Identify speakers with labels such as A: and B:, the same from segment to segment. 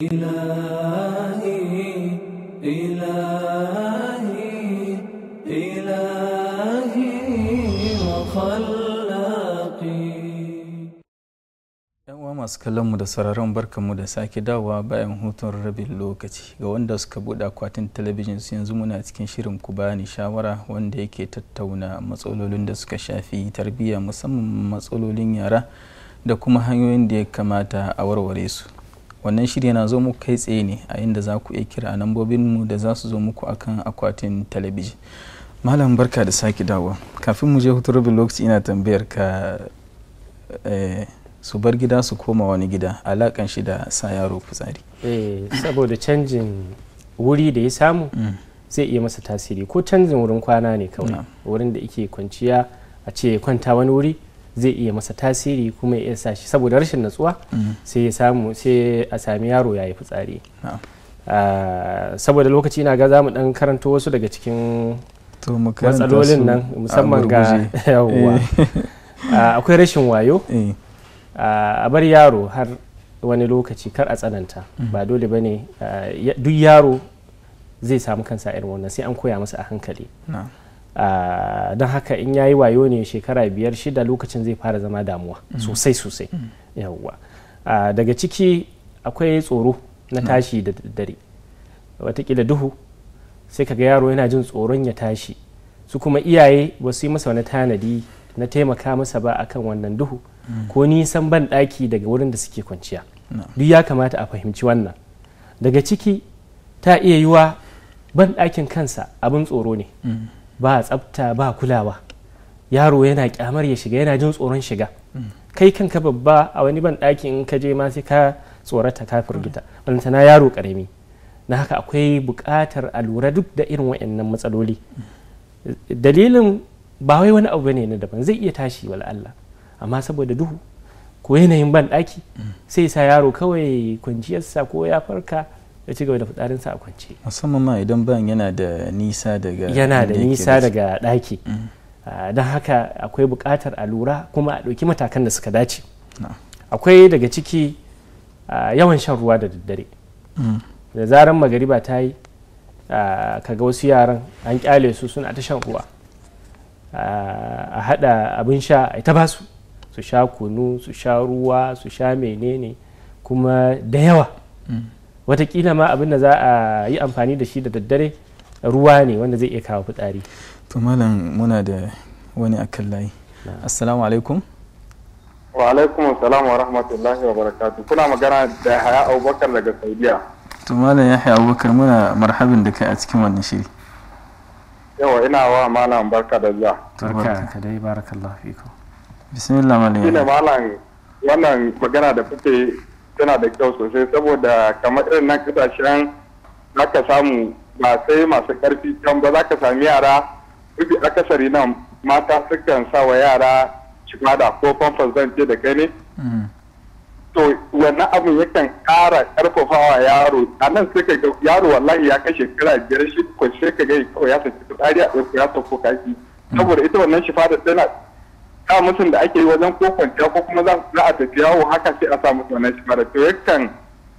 A: masu
B: kallonmu da sauraron barkanmu da sake dawowa bayan hutun rabin lokaci ga wanda suka buɗe akwatin talabijin su yanzu muna cikin shirin ku ni shawara wanda yake tattauna matsalolin da suka shafi tarbiyya musamman matsalolin yara da kuma hanyoyin da ya kamata a warware su. wannan shiri yana zo muku kai tsaye ne a inda za ku iya kira lambobin mu da za su zo muku akan akwatin talabijin malam barka da sake dawo kafin mu je hutu rabin lokaci ina tambayar ka eh, su bar gida su koma wani gida alakan shi da sa yaro fitsari
C: eh, saboda canjin wuri da ya samu mm. zai iya masa tasiri ko canjin wurin kwana ne kawai wurin da yake kwanciya a ce kwanta wani wuri zai iya masa tasiri kuma ya sa shi saboda rashin natsuwa mm-hmm. sai ya samu sai a sami yaro ya yi fitsari ah, saboda lokaci na ga za mu dan karanto wasu daga cikin matsalolin nan musamman ga yawuwa eh. ah, akwai rashin wayo eh. ah, a bar yaro har wani lokaci kar a tsananta mm-hmm. ba dole ba ne duk yaro zai samu kansa irin wannan sai an koya masa a hankali Ah, don haka in yayi wayo ne shekara biyar shida lokacin zai fara zama damuwa mm. sosai sosai mm. yawwa ah, daga ciki akwai tsoro na mm. tashi da dare watakila duhu sai kaga yaro yana jin tsoron ya tashi su kuma iyaye ba su yi masa wani tanadi na taimaka masa ba akan wannan duhu ko nisan ban daki daga wurin da suke kwanciya duk ya kamata a fahimci wannan daga ciki ta iya yiwa ban dakin kansa abin tsoro ne ba tsafta ba kulawa yaro yana kyamar ya shiga yana jin tsoron shiga kai kanka babba a wani ban ɗaki in ka je ma sai ka tsorata ka firgita na yaro karami na haka akwai buƙatar a lura duk da irin waɗannan matsaloli dalilin ba wai wani abu ne na daban zai iya tashi wala Allah amma saboda duhu ko yanayin ban ɗaki sai sa yaro kawai kwanciyarsa ko ya farka ya ci gaba da fitsarinsa a kwance
B: musamman ma idan ban yana da nisa daga yana da nisa daga
C: ɗaki mm. ah, don haka akwai buƙatar a lura kuma a ɗauki matakan da suka dace akwai daga ciki ah, yawan shan ruwa da daddare mm. da zaran magariba ta yi ah, kaga wasu yaran an kyale su suna ta shan ruwa a haɗa abin sha a ta basu su sha kunu su sha ruwa su sha menene kuma da yawa mm. watakila ma abin da za a yi amfani da shi da daddare ruwa ne wanda zai iya kawo fitsari
B: to malam muna da wani akan layi
C: assalamu alaikum
D: wa alaikum assalam wa rahmatullahi wa barakatuh kuna magana da haya abubakar daga saudiya
B: to malam yahya abubakar muna marhabin da kai a cikin wannan shiri
D: yawa ina wa malam barka da zuwa
B: barka
D: da dai
C: barakallahu fiku
B: bismillah malam
D: malam wannan magana da kuke tana da kyau sosai saboda kamar irin nan kasashen za ka samu ba sai masu karfi kan ba za ka sami yara mafi akasari nan mata sukan sa wa yara cimada ko famfas zan ce da kai ne. Mm. to wannan abin yakan kara karfafawa yaro a nan sai ka ga yaro wallahi ya kai shekara biyar shi ko sai ka ga ya saki tsari a ɗauki ya sauko kaki mm. saboda ita wannan shifa da tana sa mutum da ake yi wajen ko kwanciya ko kuma za a tafi yawo haka sai a sa musu wannan shimara to yakan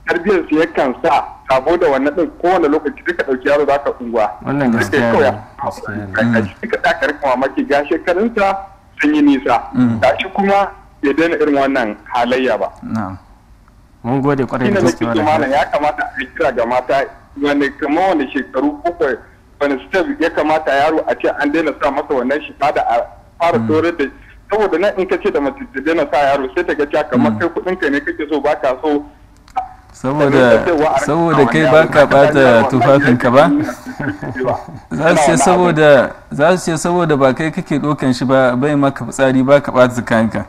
D: tarbiyyar su yakan sa sabo da wannan din kowane lokaci duka dauki yaro za ka unguwa wannan gaskiya ne duka da ka rika mm. mamaki ga shekarunsa sun yi nisa mm. ga shi kuma ya daina irin wannan halayya ba
B: mun gode kwarai da gaske wannan ya
D: kamata a kira ga mata wani kamar wani shekaru bakwai wani step ya kamata yaro a ce an daina sa masa wannan shi da a fara mm. tsorar da saboda nan in ka ce da mace na sa yaro sai ta ga cewa kamar kai kuɗin ka ne kake so ba ka so
B: saboda saboda kai baka bata ka ba za su ce saboda za su ce saboda ba kai kake dokan shi ba bai maka fitsari ba ka bata zakanka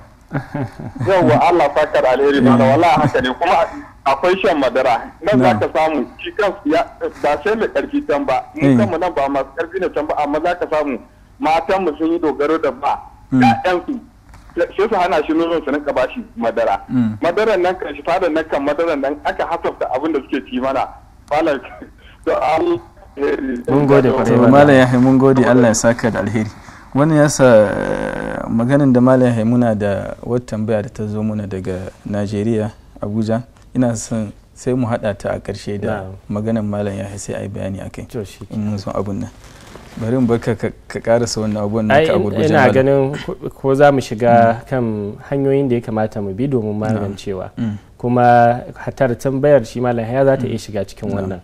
D: yawa Allah fakar alheri eh. mana wallahi haka ne kuma akwai shan madara nan za ka samu shi kan ba sai mai karfi can ba mu eh. kanmu nan ba masu karfi ne can ba amma za ka samu matan mu sun yi dogaro da ba ƴaƴansu mm. sai su hana shi nonon su rinka bashi madara mm. madaran nan kan shi fadar nan kan madaran nan aka hasafta abin da suke ci mana malam an eh, eh, eh, mun gode kwarai malam ya
B: mun gode Allah ya saka da alheri Wani ya sa maganin da malam ya muna da wata tambaya da ta zo muna daga Najeriya Abuja ina son sai mu haɗa ta a ƙarshe da maganin malam ya sai a yi bayani a in mun san abun nan
C: bari mu barka ka karasa wannan abubuwan da ka ina ganin ko za mu shiga mm. kan hanyoyin da ya kamata mu bi domin magancewa mm. kuma hatar tambayar shi malam haya za ta iya mm. shiga cikin wannan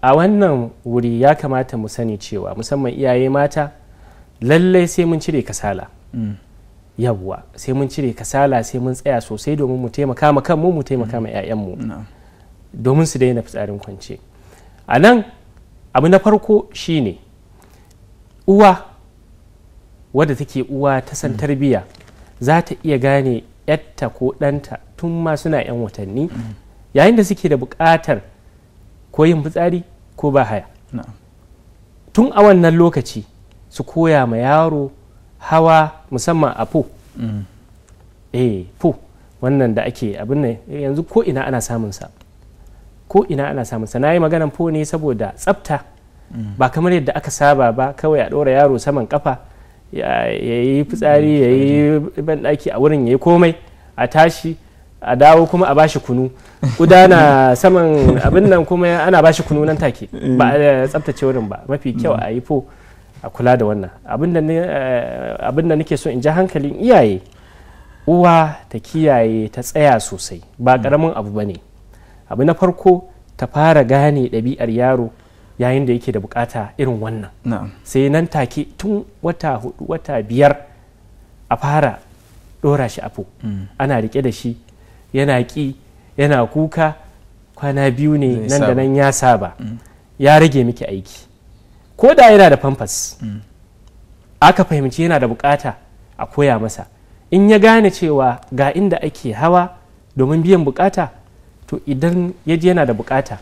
C: a wannan wuri ya kamata mu sani cewa musamman iyaye mata lallai sai mun cire kasala yawwa sai mun cire kasala sai mun tsaya sosai domin mu taimaka ma kanmu mu taimaka ma 'ya'yanmu domin su daina fitsarin kwance a nan abu na farko shine uwa wadda take uwa ta san mm. tarbiya za ta iya gane yatta ko ɗanta tun ma suna 'yan watanni mm. yayin da suke da bukatar ko yin fitsari ko ba haya tun a wannan lokaci su koya ma yaro hawa musamman a po mm. eh po wannan da ake abin yanzu ko ina ana samun sa ko ina ana samun sa yi maganan fo ne saboda tsafta ba kamar yadda aka saba ba kawai a ɗora yaro saman kafa ya yi fitsari mm, ya yi banɗaki a wurin ya yi komai a tashi a dawo kuma a bashi kunu kuda na saman abin nan kuma ana bashi kunu nan take mm. ba a eh, tsaftace wurin ba mafi mm. kyau a yi fo a kula da wannan abin da eh, nake so in ji hankalin iyaye uwa ta kiyaye ta tsaya sosai ba karamin abu ba ne abu na farko ta fara gane ɗabi'ar yaro yayin da yake da bukata irin wannan sai nan take tun wata hudu wata biyar a fara ɗora shi afo mm. ana rike da shi yana ki yana kuka kwana biyu ne nan da nan ya saba mm. ya rage miki aiki ko da yana da famfas mm. aka fahimci yana da bukata a koya masa in ya gane cewa ga inda ake hawa domin biyan bukata to idan ya ji yana da bukata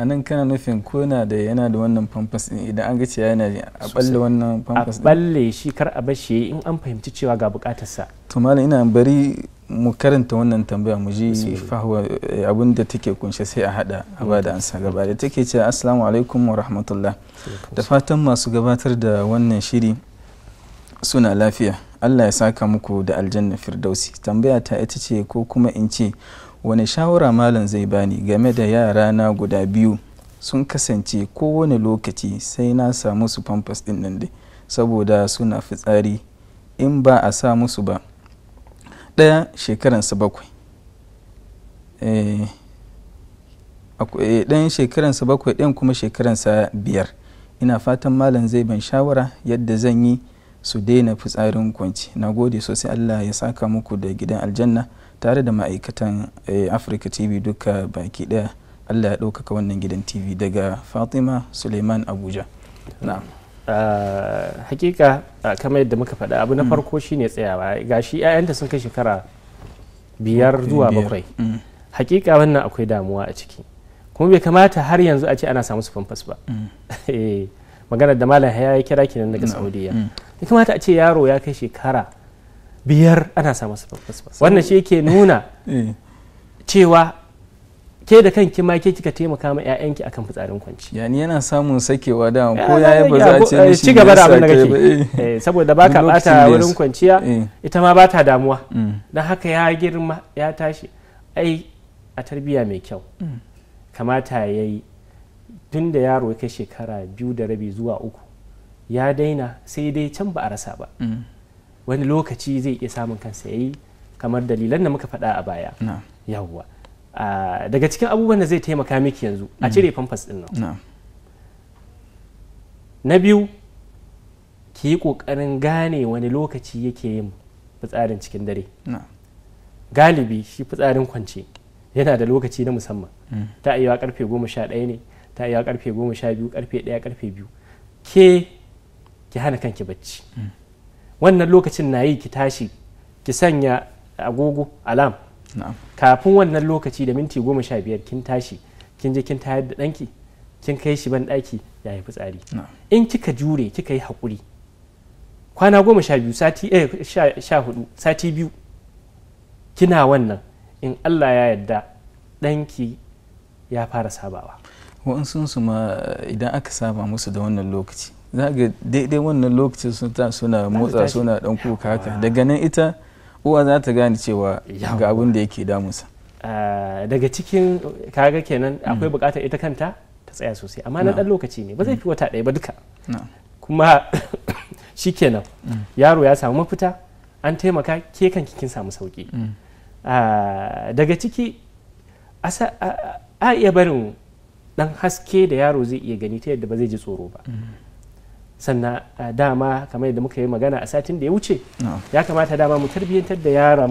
B: a nan kana nufin ko yana da yana da wannan pampas din idan an ga cewa yana a balle wannan pampas din a
C: balle shi kar a bar shi in an fahimci cewa ga bukatarsa
B: to malam ina bari mu karanta wannan tambaya mu ji fahwa eh, abin da take kunshe sai a hada a bada mm. ansa gaba da take cewa assalamu alaikum wa rahmatullah da fatan masu gabatar da wannan shiri suna lafiya Allah ya saka muku da aljanna firdausi tambaya ta ita ce ko kuma in ce wani shawara malam zai bani game da yara na guda biyu sun kasance kowane lokaci sai na sa musu famfas ɗin nan dai saboda suna fitsari in ba a sa musu ba ɗaya shekaransa bakwai eh, eh, ɗayan shekaransa bakwai ɗayan kuma shekaransa biyar ina fatan malam zai ban shawara yadda zan yi su daina fitsarin kwanci na gode sosai allah ya saka muku da gidan aljanna tare da ma'aikatan eh, afirka tv duka baki daya allah ya ɗaukaka wannan gidan tv daga fatima suleiman abuja
C: na ah, hakika ah, kamar yadda muka faɗa abu na mm. farko shine tsayawa ga gashi 'ya'yanta sun kai shekara biyar zuwa bakwai mm. hakika wannan akwai damuwa a ciki kuma bai kamata har yanzu a ce ana samu su famfas ba mm. eh, maganar da malam ya kira kinan daga saudiya ya kamata a ce yaro ya kai shekara biyar ana samu surplus ba wannan shi yake nuna eh. cewa ke da kanki ma ke kika taimaka ma ƴaƴanki akan fitsarin kwanci yani yana samun sakewa da ko yayi ba za a ce mishi ci gaba da abin da kake eh, eh. saboda baka bata wurin kwanciya ita ma bata damuwa mm. dan haka ya girma ya tashi ai a tarbiya mai kyau mm. kamata yayi tun da yaro ya kai shekara biyu da rabi zuwa uku ya daina sai dai can ba a rasa ba mm. wani lokaci zai iya samun kansa ya yi kamar dalilan da muka faɗa a baya yawwa daga cikin abubuwan da zai taimaka miki yanzu a cire famfas mm. ɗin nan na biyu ki yi ƙoƙarin gane wani lokaci yake yin fitsarin cikin dare galibi shi fitsarin kwance yana da lokaci na musamman mm. ta iya karfe goma sha ɗaya ne ta iya karfe goma sha biyu karfe ɗaya karfe biyu ke ki hana kanki bacci mm. wannan lokacin na yi ki tashi ki sanya agogo alam kafin wannan lokaci da minti goma sha biyar kin tashi kin je kin tayar da ɗanki kin kai shi ban ɗaki ya yi fitsari in kika jure kika yi hakuri kwana goma sha biyu sati eh sha hudu sati biyu kina wannan in allah ya yadda ɗanki ya fara sabawa
B: wa'ansunsu ma idan aka saba musu da wannan lokaci za ga daidai wannan lokacin sun ta suna motsa suna dan kuka haka ah. daga nan ita uwa za ta gane cewa
C: ga abin da yake damunsa ah, daga cikin kaga kenan hmm. akwai bukatar ita kanta ta tsaya sosai amma na dan lokaci ne ba zai fi hmm. wata ɗaya ba duka kuma shi kenan hmm. yaro ya samu mafita an taimaka ke kan kikin samu sauki ah, daga ciki a iya barin dan haske da yaro zai iya gani ta yadda ba zai ji tsoro ba sannan dama kamar yadda muka yi magana a satin da ya wuce ya kamata dama mu tarbiyyantar da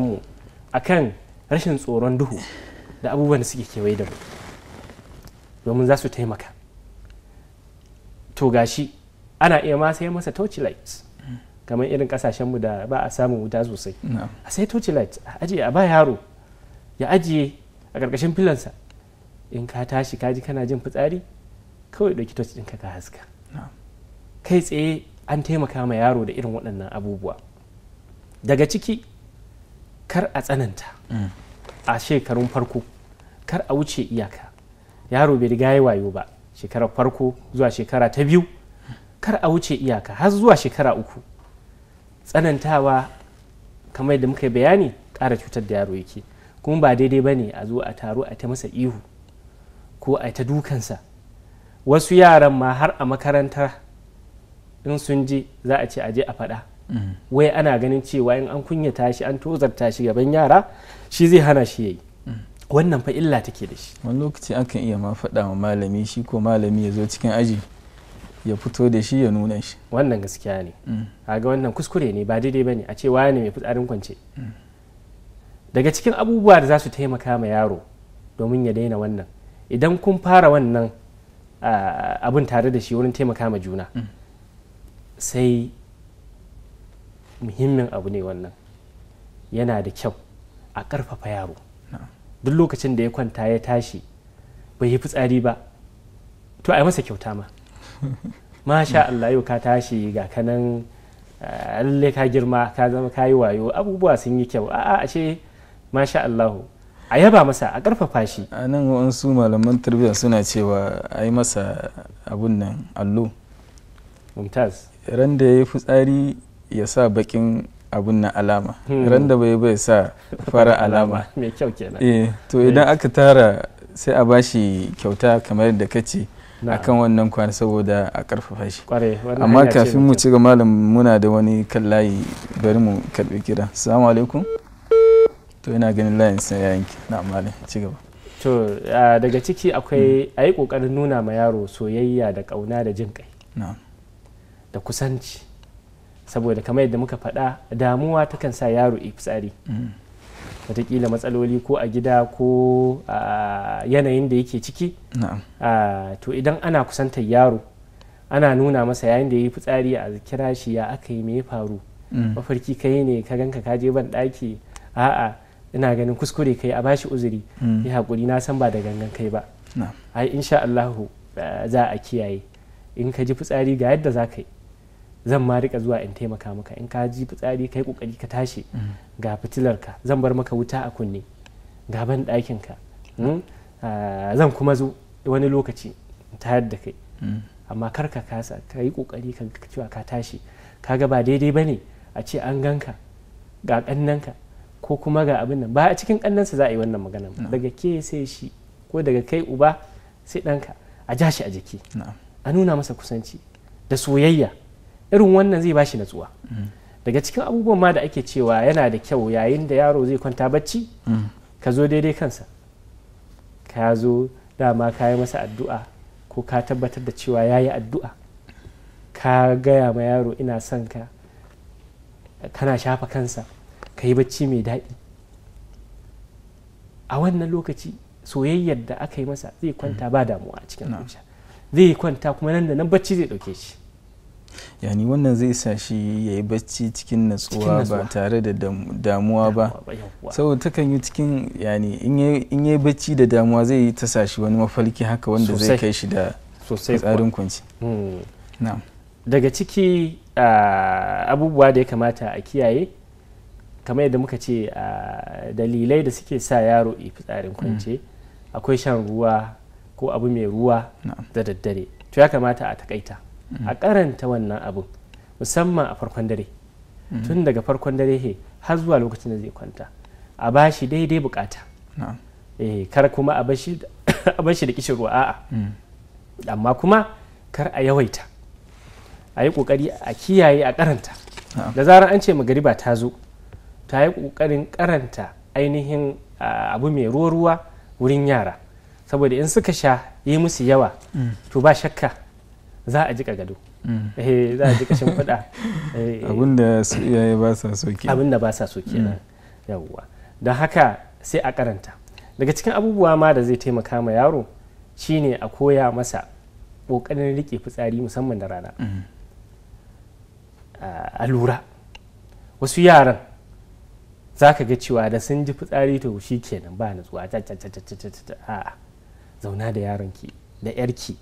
C: a kan rashin tsoron duhu da abubuwan da suke kewaye da mu domin za su taimaka to gashi ana iya ma sai masa torch lights kamar irin kasashenmu da ba a samun wuta sosai a sai torch a ajiye a ba yaro ya ajiye a ƙarƙashin filansa in ka tashi kaji kana jin fitsari kawai ɗauki torch ɗinka ka haska kai tsaye an taimaka ma yaro da irin waɗannan abubuwa daga ciki kar a tsananta mm. a shekarun farko kar a wuce iyaka yaro bai riga ya wayo ba shekarar farko zuwa shekara ta biyu kar a wuce iyaka har zuwa shekara uku tsanantawa kamar da muka bayani ƙara cutar da yaro yake kuma ba daidai ba ne a zo a taro a ta masa ihu ko a ta dukansa wasu yaran ma har a makarantar in sun ji za a ce a je a faɗa mm-hmm. wai ana ganin cewa in an kunyata shi an tozarta shi gaban yara shi zai hana shi yayi mm-hmm. wannan fa illa take da shi
B: wani lokaci akan iya ma faɗa wa malami shi ko malami ya zo cikin aji ya fito da
C: shi ya nuna shi wannan gaskiya ne mm. a ga wannan kuskure ne ba daidai ba ne a ce ne mai fitsarin kwance mm. daga cikin abubuwa da za su taimaka ma yaro domin ya daina wannan idan kun fara wannan ah, abin tare da shi wurin taimaka ma juna mm. sai muhimmin abu ne wannan yana da kyau a ƙarfafa yaro duk lokacin da ya kwanta ya tashi bai yi fitsari ba to a yi masa kyauta ma masha Allah yau ka tashi ga kanan lalle ka girma ka zama ka yi wayo abubuwa sun yi kyau a ashe masha Allah a yaba masa a karfafa shi a nan
B: wasu malaman tarbiyya suna cewa a yi masa abun nan allo mumtaz ran da ya yi fitsari ya sa bakin abun na alama hmm. ran da bai bai sa fara alama mai kyau kenan eh, to eh. idan aka tara sai a bashi kyauta kamar yadda kace akan wannan kwana saboda a karfafa shi
C: amma kafin mu
B: ci ga malam muna da wani kan layi bari mu karbi kira assalamu alaikum to ina ganin layin sai ya yanki na malam ci gaba
C: to ah, daga ciki akwai hmm. ayi kokarin nuna ma yaro soyayya da kauna da jin kai na'am da kusanci saboda kamar yadda muka faɗa damuwa takan sa yaro fitsari mm. watakila matsaloli ko a gida ko a yanayin da yake ciki to idan ana kusantar yaro ana nuna masa yayin da ya yi fitsari a kira shi ya aka yi me faru mm. mafarki kai ne ka ganka ka je ban ɗaki a'a ina ganin kuskure kai a bashi uzuri mm. ya haƙuri na san ba da gangan kai ba ai insha Allahu eh, za a kiyaye in ka ji fitsari ga yadda za ka yi zan ma rika zuwa in taimaka maka in ka ji fitsari kai kokari ka tashi mm-hmm. ga fitilar ka zan bar maka wuta a kunne ga ban ɗakin ka hmm? mm. ah, zan kuma zo wani lokaci tayar da kai mm. amma kar ka kasa ka yi kokari ka cewa ka tashi kaga ba daidai bane a ce an ganka ga kannanka ko kuma ga abin nan ba a cikin kannansa za a yi wannan magana daga ke sai shi ko daga kai uba sai ɗanka a ja shi a jiki a nuna masa kusanci da soyayya irin wannan zai bashi natsuwa daga cikin abubuwan ma da ake cewa yana da kyau yayin da yaro zai kwanta bacci ka zo daidai kansa ka zo dama ka yi masa addu'a ko ka tabbatar da cewa ya yi addu'a ka gaya ma yaro ina son ka kana shafa kansa ka yi bacci mai daɗi a wannan lokaci soyayyar da aka yi masa zai kwanta ba damuwa a cikin zai kwanta kuma nan da nan bacci zai ɗauke shi
B: yani wannan zai sa shi ya yi bacci cikin natsuwa ba tare da damuwa ba saboda takan yi cikin yani in yi bacci da damuwa zai yi ta sa shi wani mafarki haka wanda zai kai shi da tsarin kwanci
C: hmm. daga ciki abubuwa da ya kamata a kiyaye kamar yadda muka ce a dalilai da suke sa yaro fitsarin hmm. kwance akwai shan ruwa ko abu mai ruwa da daddare to ya kamata a takaita a karanta wannan abu musamman a farkon dare mm. tun daga farkon dare he har zuwa lokacin da zai kwanta a bashi daidai bukata eh, kar kuma a bashi da kishin ruwa a'a mm. amma kuma kar a yawaita a yi kokari a kiyaye a karanta da zarar an ce magariba ta zo ta yi kokarin karanta ainihin abu mai ruwa wurin yara saboda in suka sha yi musu yawa mm. to ba shakka za a jika gado mm. eh, za a jika shimfiɗa eh, eh.
B: abinda su iyaye ba sa so ke abinda ba sa so mm.
C: yawwa don haka sai a karanta daga cikin abubuwa ma da zai taimaka ma yaro shine a koya masa kokarin rike fitsari musamman da rana mm. a lura wasu yaran za ka ga cewa da sun ji fitsari to shi kenan ba nutsuwa zauna da yaron ki da yarki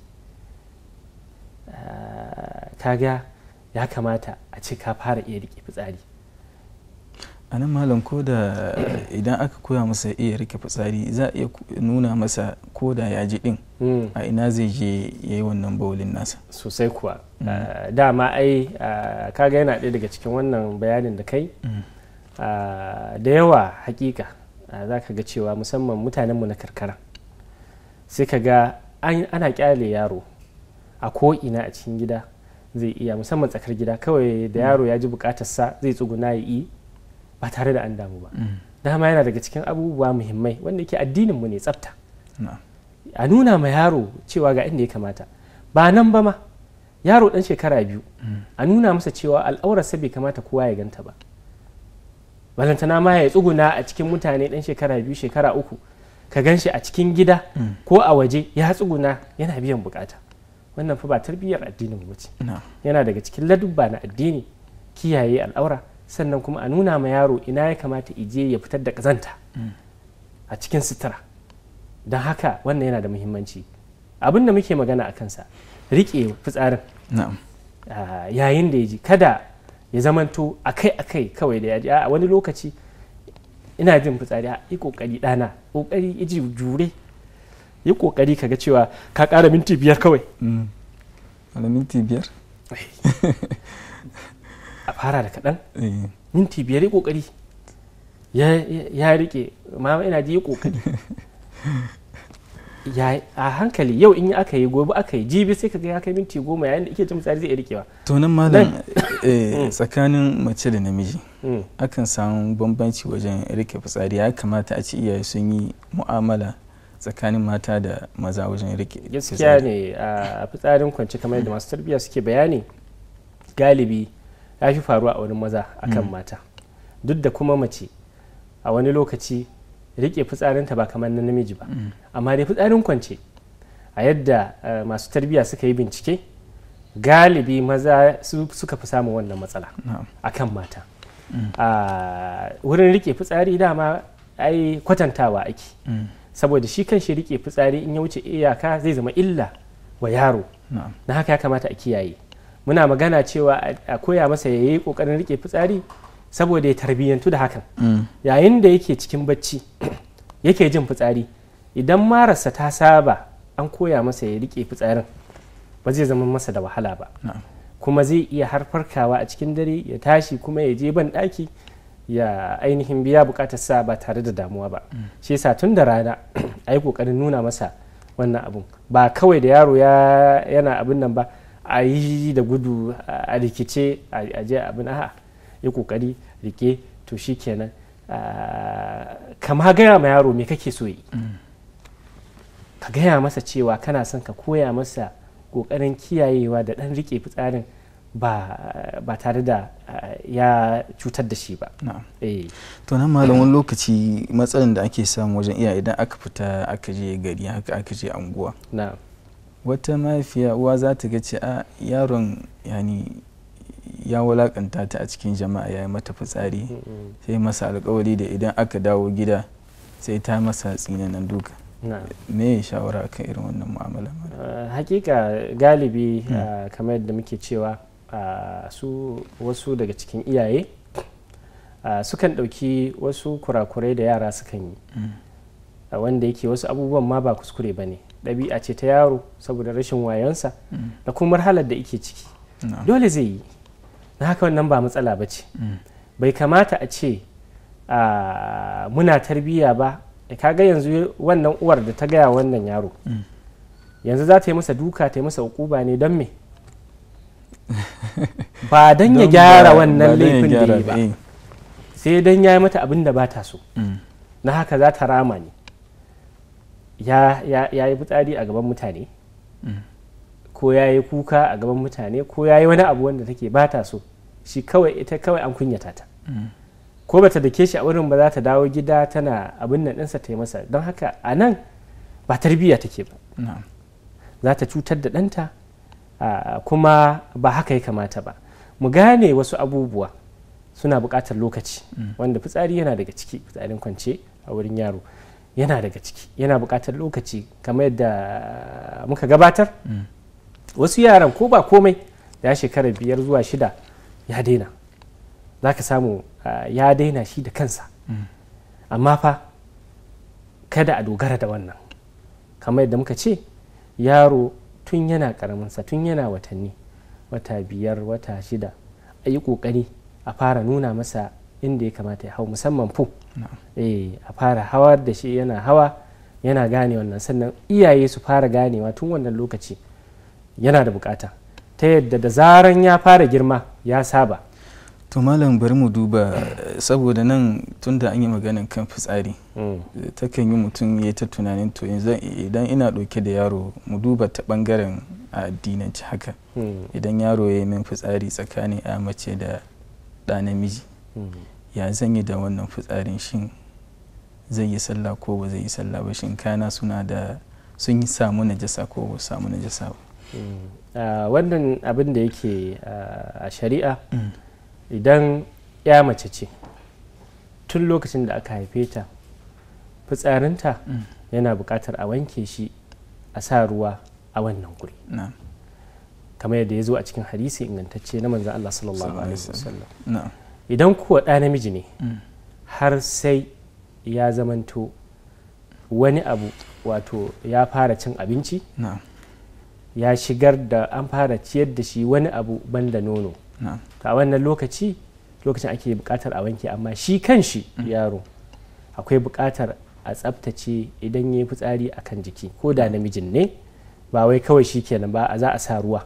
C: ga ya kamata a ce ka fara iya rike fitsari a nan
B: malam ko da idan aka koya masa iya rike fitsari za a iya nuna masa ko da ya ji din hmm. a ina
C: zai je ya yi wannan bawulin nasa sosai kuwa hmm. ah, dama ai ah, ka ga yana ɗaya daga cikin wannan bayanin da kai hmm. ah, da yawa hakika za ka ga cewa musamman mutanenmu na karkara sai ka ga ana kyale yaro a ko'ina a cikin gida zai iya musamman tsakar gida kawai da yaro ya ji bukatar sa zai tsuguna ya yi ba tare da an damu ba mm. dama yana daga cikin abubuwa muhimmai wanda yake addinin mu ne tsafta a nuna ma yaro cewa ga inda ya kamata ba nan ba ma yaro dan shekara biyu mm. a nuna masa cewa al'aurarsa bai kamata kowa ya ganta ba balantana ma ya tsuguna a cikin mutane dan shekara biyu shekara uku ka gan shi a cikin gida mm. ko a waje ya tsuguna yana biyan bukata wannan fa ba tarbiyyar addinin mu ce yana daga cikin ladubba na addini kiyaye al'aura sannan kuma a nuna ma yaro ina ya kamata ije ya fitar da kazanta mm. a cikin sutura don haka wannan yana da muhimmanci abin da muke magana a kansa riƙe fitsarin yayin da ya ji kada ya zamanto akai-akai kawai da ya ji a wani lokaci ina jin fitsari a yi kokari ɗana ƙoƙari ya jure yi kokari ka ga cewa ka kara minti biyar kawai wani mm. minti biyar eh. a fara da kaɗan eh. minti biyar yi kokari ya rike ma ina ji yi kokari a hankali yau in aka yi gobe aka yi jibi sai ga ya kai minti goma yayin da ike jin tsari zai rikewa to nan malam
B: eh, mm. tsakanin mace da namiji mm. akan samu bambanci wajen rike fitsari ya kamata a ci iyaye sun yi mu'amala tsakanin mata da maza wajen rike gaskiya
C: ne a fitsarin kwanci kamar yadda masu tarbiyya suke bayani galibi ya fi faruwa a wani maza akan mm. mata duk da kuma mace a wani lokaci rike fitsarinta ba kamar na namiji ba mm. amma dai fitsarin kwance a yadda masu tarbiyya suka yi bincike galibi maza suka fi samun wannan matsala akan mata mm. wurin rike fitsari dama ai kwatantawa ake saboda shi kan shi rike fitsari in ya wuce iyaka zai zama illa wa yaro na haka ya kamata a kiyaye muna magana cewa a koya masa ya yi kokarin rike fitsari saboda ya tarbiyyantu da hakan mm. yayin da yake cikin bacci yake jin fitsari idan marasa ta saba an koya masa ya rike fitsarin ba zai zama masa da wahala ba kuma zai iya har a cikin dare ya tashi kuma ya je ban ɗaki ya ainihin biya bukatar sa ba tare da damuwa ba mm. shi yasa tun da rana a yi kokarin nuna masa wannan abun ba kawai da yaro yana abin nan ba a yi da gudu a rikice a je abin a'a yi kokari rike to shi kenan kama gaya ma yaro me kake so yi mm. ka gaya masa cewa kana son ka koya masa kokarin kiyayewa da dan rike fitsarin ba tare da eh, ya cutar da shi ba eh.
B: to nan malamin lokaci matsalan da ake samu wajen iya idan aka fita aka je gari haka aka je anguwa wata mafiya uwa za ta ga a yaron yani ya walakanta ta a cikin jama'a ya yi mata fitsari mm, mm. sai masa alkawari da idan aka dawo gida sai ta masa tsinanan duka me ya
C: shawara kan irin wannan mu'amala eh, hakika galibi mm. kamar yadda muke cewa su wasu daga cikin iyaye sukan ɗauki wasu kurakurai da yara sukan yi mm. wanda yake wasu abubuwan ma ba kuskure ba ne ɗabi'a ce ta yaro saboda rashin wayonsa mm. da kuma marhalar da ike ciki dole zai yi na haka wannan ba matsala ba ce mm. bai kamata a ce muna tarbiyya ba kaga yanzu wannan uwar da ta gaya wannan yaro yanzu za ta yi masa duka ta yi masa ukuba ne don me ba don ya gyara wannan laifin da ba eh. sai don ya yi mata abin da ba ta so mm. na haka za ta rama ne ya yi fitsari a gaban mutane mm. ko ya yi kuka a gaban mutane ko ya yi wani abu wanda take ba ta so shi kawai ita kawai an kunyata ta mm. ko bata dake shi a wurin ba za ta dawo gida tana abin nan ɗinsa ta yi masa don haka a nan ba tarbiyya take ba za ta cutar da ɗanta Ah, kuma ba haka ya kamata ba mu gane wasu abubuwa suna buƙatar lokaci mm. wanda fitsari yana daga ciki fitsarin kwance a wurin yaro yana daga ciki yana buƙatar lokaci kamar yadda muka gabatar mm. wasu yaran ko ba komai ya shekara biyar zuwa shida ya daina za ka samu ah, ya daina shi da kansa mm. amma fa kada a dogara da wannan kamar yadda muka ce yaro tun yana karaminsa tun yana watanni wata biyar wata shida a yi kokari a fara nuna masa inda ya kamata ya hau musamman fu eh, a fara hawa da shi yana hawa yana gane wannan sannan iyaye su fara ganewa tun wannan lokaci yana da bukata ta yadda da zaran ya fara girma ya saba
B: to malam bari mu duba saboda nan tunda da an yi maganin kan fitsari mm. takan yi mutum ya ta tunanin to idan ina ɗauke da yaro mu duba ta ɓangaren a addinanci haka mm. idan yaro ya yi min fitsari tsakanin a mace da ɗa namiji mm. ya zan yi da wannan fitsarin shin zai yi sallah ko ba zai yi sallah ba shin kana suna da sun yi samu najasa ko ba samu
C: najasa ba ah, wannan abin da yake ah, a shari'a idan ya mace ce tun lokacin da aka haife ta fitsarinta mm. yana bukatar a wanke shi a sa ruwa a wannan guri kamar yadda ya zo a cikin hadisi ingantacce na manzan Allah sallallahu alaihi wasallam idan kuwa ɗa namiji ne mm. har sai ya zamanto wani abu wato ya fara cin abinci ya shigar da an fara ciyar da shi wani abu banda nono a wannan lokaci lokacin ake bukatar a wanke amma shi kan shi mm. yaro akwai bukatar a tsaftace idan ya yi fitsari a kan jiki ko da namijin ne ba wai kawai shi kenan ba za a sa ruwa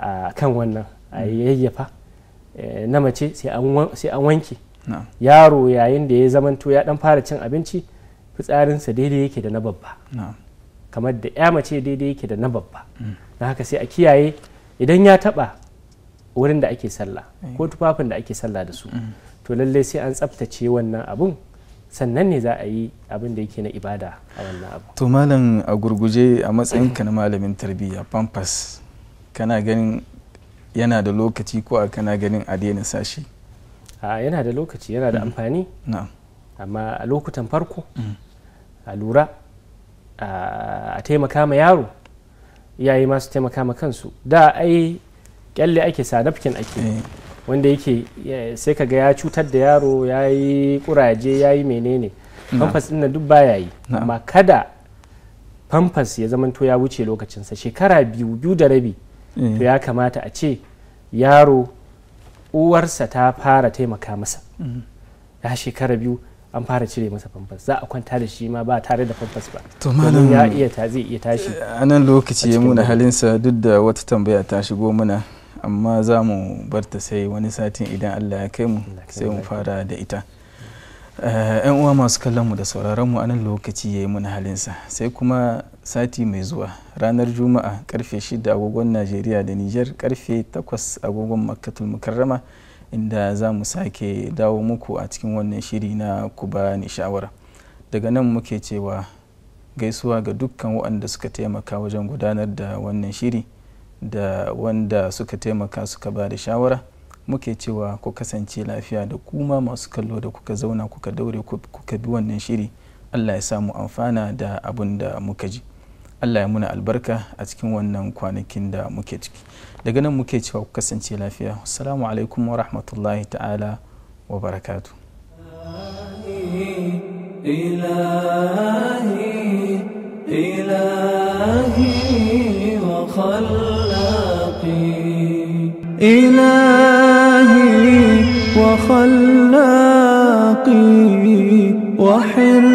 C: a kan wannan a mm. yayyafa eh, na mace sai an wanke yaro yayin da ya zamanto ya dan fara cin abinci fitsarinsa daidai yake da na babba kamar da ya mace daidai yake da na babba mm. na haka sai a kiyaye idan ya taba wurin da ake sallah eh. ko tufafin da ake sallah da su mm. to lallai sai an tsaftace wannan abun sannan ne za a yi abin da yake na ibada a wannan abu
B: to malam a gurguje a matsayinka na malamin tarbiyya pampas kana ganin yana da lokaci ko a kana ganin a daina sashi
C: a yana da lokaci yana da mm. amfani amma a lokutan farko mm. a lura a taimaka ma yaro yayi masu taimaka ma kansu da ai kyalle ake sa napkin ake eh. wanda yake sai kaga ya cutar da yaro ya yi kuraje ya yi menene pampas ɗin duk baya yi amma kada pampas ya zamanto ya wuce lokacinsa shekara biyu biyu da rabi eh. to ya kamata a ce yaro uwarsa ta fara taimaka masa mm-hmm. ya shekara biyu an fara cire masa pampas za a kwanta da shi ma ba tare da pampas ba to malam ya iya ta zai iya tashi a nan lokaci ya muna
B: halinsa duk da wata tambaya ta shigo muna amma za mu barta sai wani satin idan allah ya kai mu sai mu fara da ita eh, yan uwa masu kallon mu da sauraron mu anan lokaci ya yi halin halinsa sai kuma sati mai zuwa ranar juma'a karfe 6 agogon najeriya da niger karfe 8 agogon makkatul mukarrama inda za mu sake dawo muku a cikin wannan shiri na ku ba ni shawara daga nan muke cewa gaisuwa ga dukkan waɗanda suka taimaka wajen gudanar da wannan shiri da wanda suka taimaka suka ba da shawara muke cewa ku kasance lafiya da kuma masu kallo da kuka zauna kuka daure kuka bi wannan shiri allah ya samu amfana da abun da muka ji allah ya muna albarka a cikin wannan kwanakin da muke ciki daga nan muke cewa ku kasance lafiya assalamu alaikum wa rahmatullahi ta'ala wa barakatu
A: إلهي وخلاقي وحر